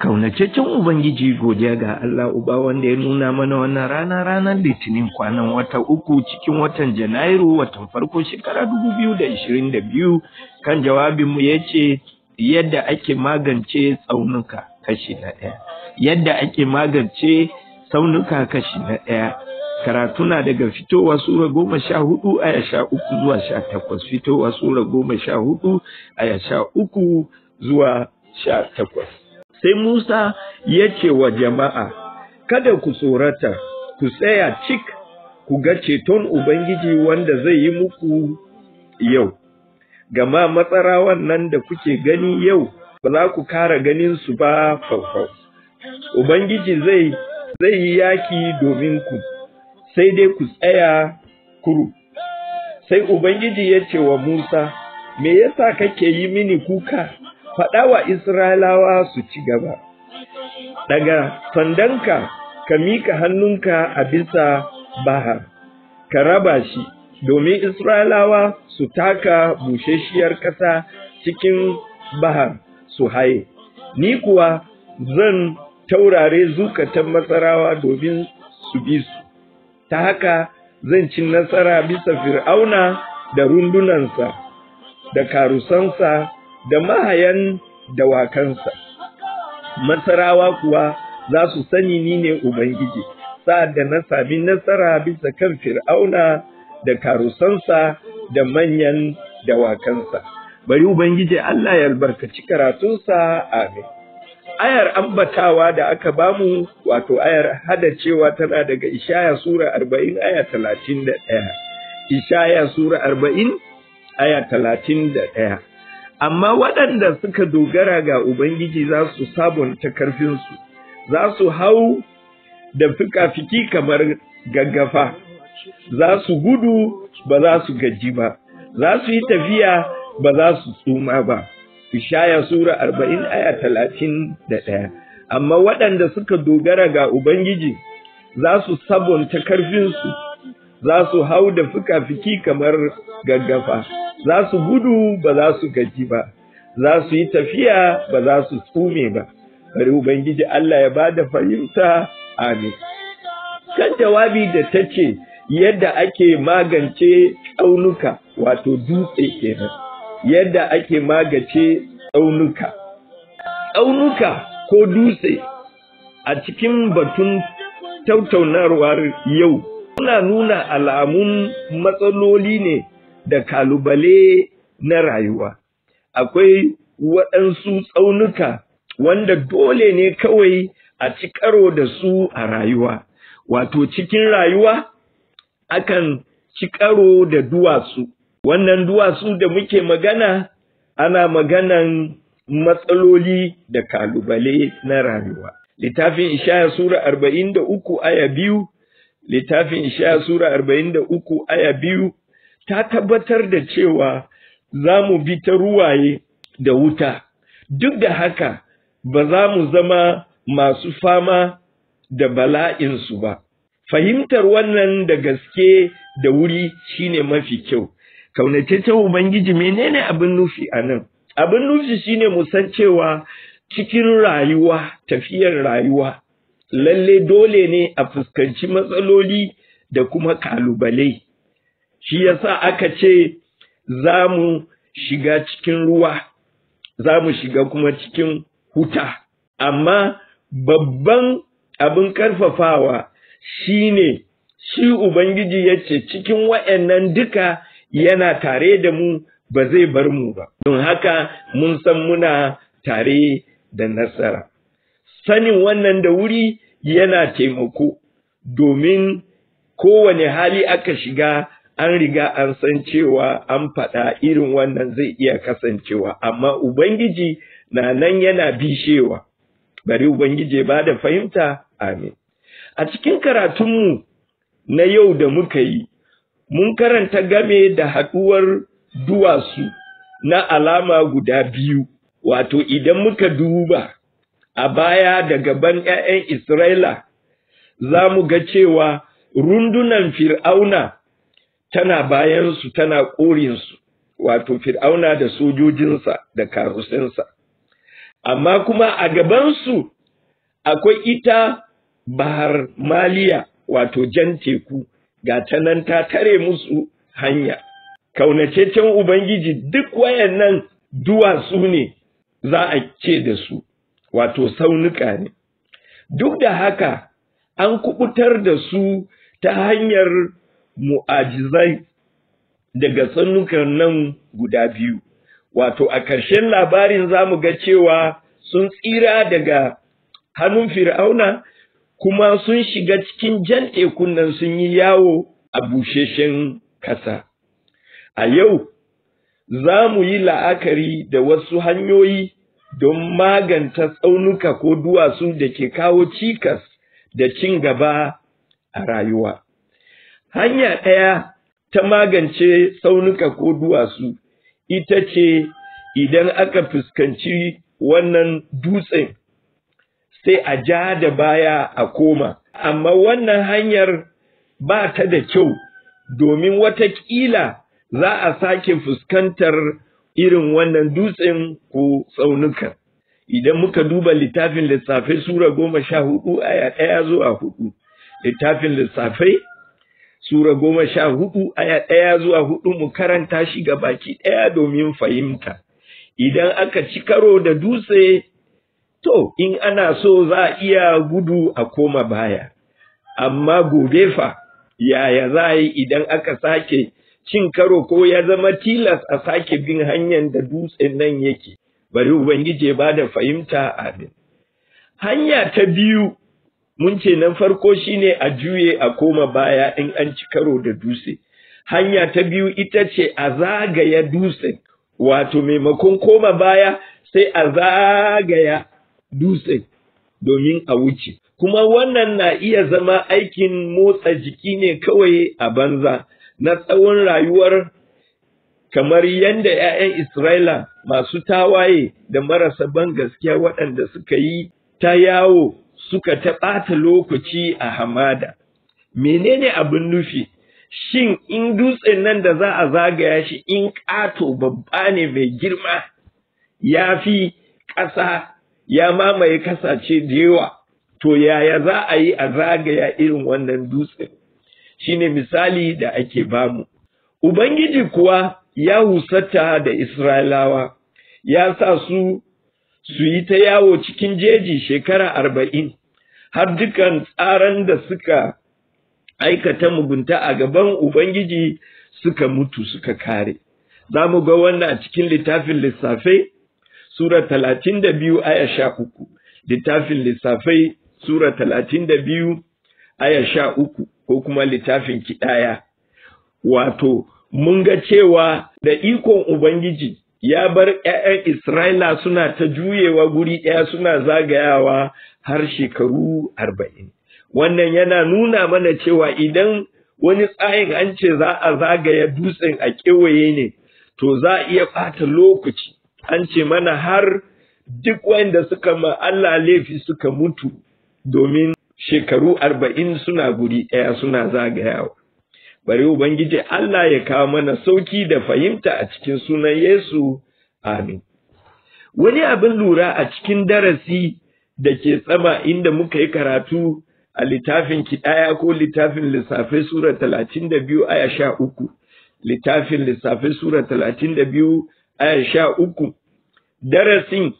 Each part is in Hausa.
Kaunataccen Ubangiji godiya ga Allah Uba wanda ya nuna mana wannan rana ranar Litinin kwanan wata uku cikin watan Janairu watan farko shekara dubu biyu da ishirin da biyu kan jawabinmu ya ce yadda ake magance tsaunuka kashi na ɗaya. Yadda ake magance tsaunuka kashi na ɗaya. Karatuna daga fitowa Sura goma sha hudu aya sha uku zuwa sha takwas. Fitowa Sura goma sha hudu aya sha uku zuwa sha takwas. sai Musa ya ce wa jama'a, Kada ku tsorata, ku tsaya cik, ku ga ceton Ubangiji wanda zai yi muku yau, gama matsarawan nan da kuke gani yau, ba za ku kara ganin su ba faufau. Ubangiji zai zai yi yaki domin ku, sai dai ku tsaya kuru. Sai Ubangiji ya ce wa Musa, Me yasa kake yi mini kuka? faɗa wa Isra'ilawa su ci gaba, daga sandanka ka mika hannunka a bisa bahar, ka raba shi, domin Isra'ilawa su taka busheshiyar ƙasa cikin bahar su haye, ni kuwa zan taurare zukatan masarawa domin su bi su, ta haka zan ci nasara bisa fir'auna da rundunansa da karusansa da mahayan dawakansa masarawa kuwa za su sani ni ne ubangiji sa'ad da na sami nasara bisa kan fir'auna da karusansa da manyan dawakansa bari ubangiji Allah ya albarkaci karatunsa amin ayar ambatawa da aka bamu wato ayar hada cewa tana daga ishaya sura 40 aya 31 ishaya sura 40 aya 31 amma waɗanda suka dogara ga Ubangiji za su sabunta karfinsu, za su hau da fikafiki kamar gaggafa, za su gudu ba za su gaji ba, za su yi tafiya ba za su tsuma ba. Ishaya Sura arba'in aya talatin da ɗaya. Amma waɗanda suka dogara ga Ubangiji za su sabunta karfinsu, za su hau da fikafiki kamar gaggafa. za su gudu ba za su gaji ba za su yi tafiya ba za su tsume ba bari ubangiji Allah ya ba da fahimta amin kan jawabi da ta ce yadda ake magance tsaunuka wato dutse kenan yadda ake magance tsaunuka tsaunuka ko dutse a cikin batun tattaunawar yau suna nuna alamun matsaloli ne da kalubale na rayuwa. Akwai waɗansu tsaunuka wanda dole ne kawai a ci karo da su a rayuwa. Wato cikin rayuwa akan ci karo da duwatsu. Wannan duwatsu da muke magana ana maganan matsaloli da kalubale na rayuwa. Littafin Ishaya Sura arba'in da uku aya biyu, littafin Ishaya Sura arba'in da uku aya biyu ta tabbatar da cewa za mu bi ta ruwaye da wuta duk da haka ba za mu zama masu fama da bala'insu ba fahimtar wannan da gaske da wuri shine mafi kyau Kaunace kaunataccen ubangiji menene abin nufi a nan abin nufi shine mu san cewa cikin rayuwa tafiyar rayuwa lalle dole ne a fuskanci matsaloli da kuma kalubale shi yasa aka ce za mu shiga cikin ruwa za mu shiga kuma cikin huta amma babban abin karfafawa shine shi ubangiji ya ce cikin wa'annan duka yana tare da mu ba zai bar mu ba don haka mun san muna tare da nasara sanin wannan da wuri yana taimako domin kowane hali aka shiga an riga an san cewa an faɗa irin wannan zai iya kasancewa amma ubangiji na nan yana bishewa bari ubangiji ba da fahimta amin a cikin karatunmu na yau da muka yi mun karanta game da haɗuwar duwatsu na alama guda biyu wato idan muka duba a baya da gaban 'ya'yan isra'ila za mu ga cewa rundunan fir'auna tana bayansu tana ƙorinsu wato fir'auna da sojojinsa da karusinsa amma kuma a gabansu akwai ita bahar maliya wato jan teku ga ta nan ta tare musu hanya kaunacecen ubangiji duk wayannan duwatsu ne za a ce da su wato saunuka ne duk da haka an kubutar da su ta hanyar mu'ajizai daga tsanukan nan guda biyu wato a ƙarshen labarin za mu ga cewa sun tsira daga hannun fir'auna kuma sun shiga cikin jan tekun nan sun yi yawo a busheshen ƙasa a yau za mu yi la'akari da wasu hanyoyi don maganta tsaunuka ko duwatsu da ke kawo cikas da cin gaba a rayuwa hanya ɗaya ta magance tsaunuka ko duwatsu ita ce idan aka fuskanci wannan dutsen sai a ja da baya a koma amma wannan hanyar ba ta da kyau domin wata watakila za a sake fuskantar irin wannan dutsen ko tsaunuka. idan muka duba littafin lissafai sura goma sha hudu aya ɗaya zuwa hudu littafin lissafai Sura goma sha hudu aya ɗaya zuwa hudu mu karanta shi ga baki ɗaya domin fahimta. Idan aka ci karo da dutse, to in ana so za a iya gudu a koma baya. Amma gobe fa, yaya za a yi idan aka sake cin karo ko ya zama tilas a sake bin hanyar da dutse nan yake. Bari Ubangiji ya ba da fahimta abin. Hanya ta biyu mun ce nan farko shine a juye a koma baya in an ci karo da dutse hanya ta biyu ita ce a zagaya dutsen wato maimakon koma baya sai a zagaya dutsen domin a wuce kuma wannan na iya zama aikin motsa jiki ne kawai a banza na tsawon rayuwar kamar yadda 'ya'yan Isra'ila masu tawaye da marasa ban gaskiya waɗanda suka yi ta yawo suka ta ɓata lokaci a hamada menene abin nufi shin in dutsen nan da za a zagaya shi in ƙato babba ne mai girma ya fi ƙasa ya mamaye kasace da yawa to yaya za a yi a zagaya irin wannan dutsen shine misali da ake bamu ubangiji kuwa ya husata da isra'ilawa ya sa su su yi ta yawo cikin jeji shekara arba'in har dukan tsaran da suka aikata mugunta a gaban Ubangiji suka mutu suka kare. Za mu ga wannan a cikin littafin lissafai, Sura talatin da biyu aya sha uku, littafin lissafai Sura talatin da biyu aya sha uku ko kuma littafin kiɗaya. Wato, mun ga cewa da ikon Ubangiji ya bar ‘ya'yan Isra'ila suna ta juyewa guri ɗaya suna zagayawa har shekaru arba'in. Wannan yana nuna mana cewa idan wani tsayin an ce za a zagaya dutsen a kewaye ne, to za a iya ɓata lokaci, an ce mana har duk wanda suka ma Allah laifi suka mutu domin shekaru arba'in suna guri ɗaya suna zagayawa. bari ubangiji Allah ya kawo mana sauki da fahimta a cikin sunan Yesu amin wani abin lura a cikin darasi da ke tsama inda muka yi karatu a littafin kiɗaya ko littafin lissafe sura 32 aya 13 littafin lissafe sura 32 aya 13 darasin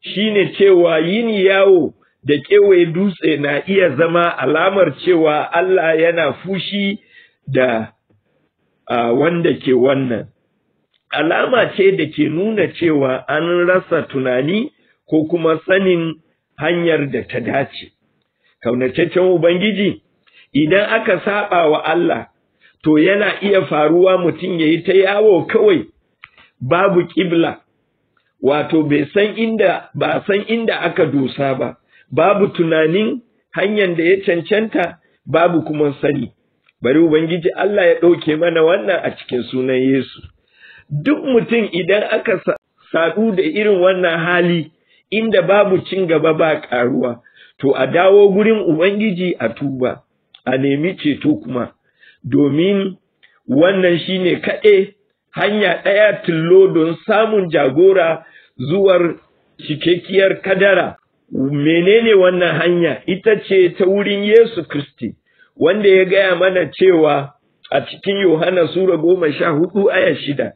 shine cewa yin yawo da kewaye dutse na iya zama alamar cewa Allah yana fushi da a wanda ke wannan alama ce da ke nuna cewa an rasa tunani ko kuma sanin hanyar da ta dace kaunataccen ubangiji idan aka saba wa Allah to yana iya faruwa mutum ya yi ta yawo kawai babu ƙibla wato bai san inda ba san inda aka dosa ba babu tunanin hanyar da ya cancanta babu kuma sani bari ubangiji Allah ya ɗauke mana wannan a cikin sunan Yesu duk mutum idan aka sadu da irin wannan hali inda babu cin gaba ba karuwa to a dawo gurin ubangiji a tuba a nemi ceto kuma domin wannan shine kaɗe hanya ɗaya tullo don samun jagora zuwar cikakkiyar kadara menene wannan hanya ita ce ta wurin Yesu Kiristi. wanda ya gaya mana cewa a cikin Yohana Sura goma sha hudu aya shida,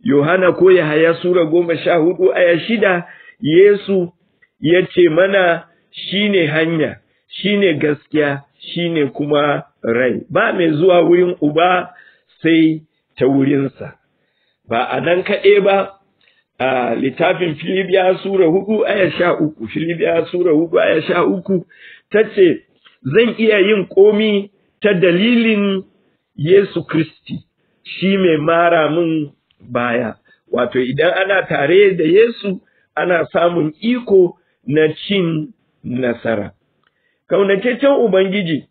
Yohana ko Yahaya Sura goma sha hudu aya shida, Yesu ya ce mana shi ne hanya, shi ne gaskiya, shi ne kuma rai, ba mai zuwa wurin uba sai ta wurinsa. Ba a nan kaɗe ba, a littafin Filibiya Sura hudu aya sha uku, Filibiya Sura hudu aya sha uku, ta ce, zan iya yin komi ta dalilin Yesu Kristi shi mai mara min baya wato idan ana tare da Yesu ana samun iko na cin nasara kaunataccen ubangiji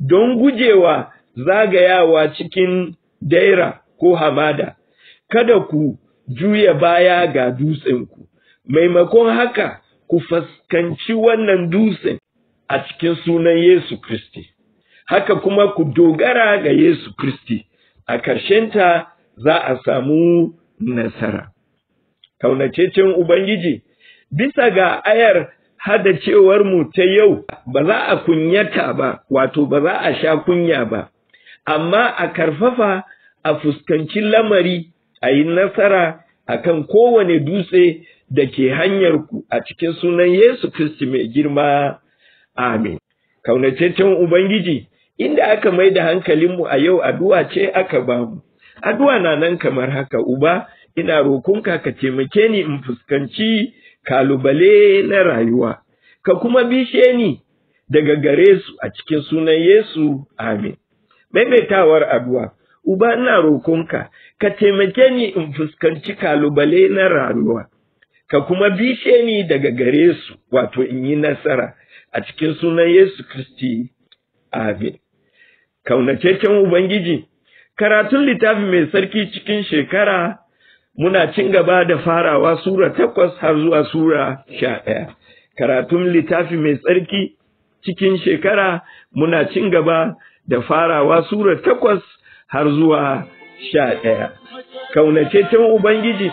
don gujewa zagayawa cikin daira ko hamada kada ku juya baya ga dutsenku maimakon haka ku fuskanci wannan dutsen a cikin sunan Yesu Kristi. Haka kuma ku dogara ga Yesu Kristi, a ƙarshen ta za a samu nasara. Kaunacecen Ubangiji, bisa ga ayar hada mu ta yau ba za a kunyata ba, wato ba za a sha kunya ba, amma a karfafa a fuskanci lamari a yi nasara a kan kowane dutse da ke hanyarku a cikin sunan Yesu Kiristi mai girma amin kaunataccen ubangiji inda aka mai da hankalinmu a yau addu'a ce aka bamu addu'a na nan kamar haka uba ina rokonka ka taimake ni in fuskanci kalubale na rayuwa ka kuma bishe ni daga gare su a cikin sunan Yesu amin maimaitawar addu'a uba ina rokonka ka taimake ni in fuskanci kalubale na rayuwa ka kuma bishe ni daga gare su wato in yi nasara a cikin sunan Yesu Kristi. Amin. kaunacecen Ubangiji, karatun littafi mai sarki cikin shekara muna cin gaba da farawa Sura takwas har zuwa Sura sha ɗaya. Karatun littafi mai tsarki cikin shekara muna cin gaba da farawa Sura takwas har zuwa sha ɗaya. Kaunataccen Ubangiji,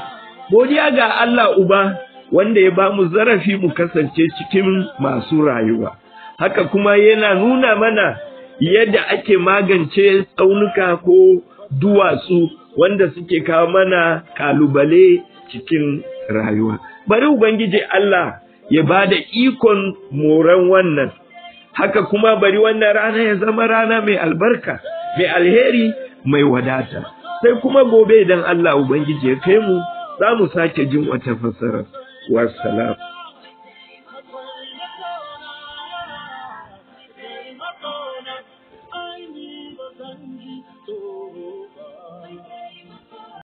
godiya ga Allah Uba. wanda ya ba mu zarafi mu kasance cikin masu rayuwa haka kuma yana nuna mana yadda ake magance tsaunuka ko duwatsu wanda suke kawo mana kalubale cikin rayuwa bari ubangiji Allah ya ba da ikon moran wannan haka kuma bari wannan rana ya zama rana mai albarka mai alheri mai wadata sai kuma gobe idan Allah ubangiji ya kai mu za mu sake jin wata fassara والسلام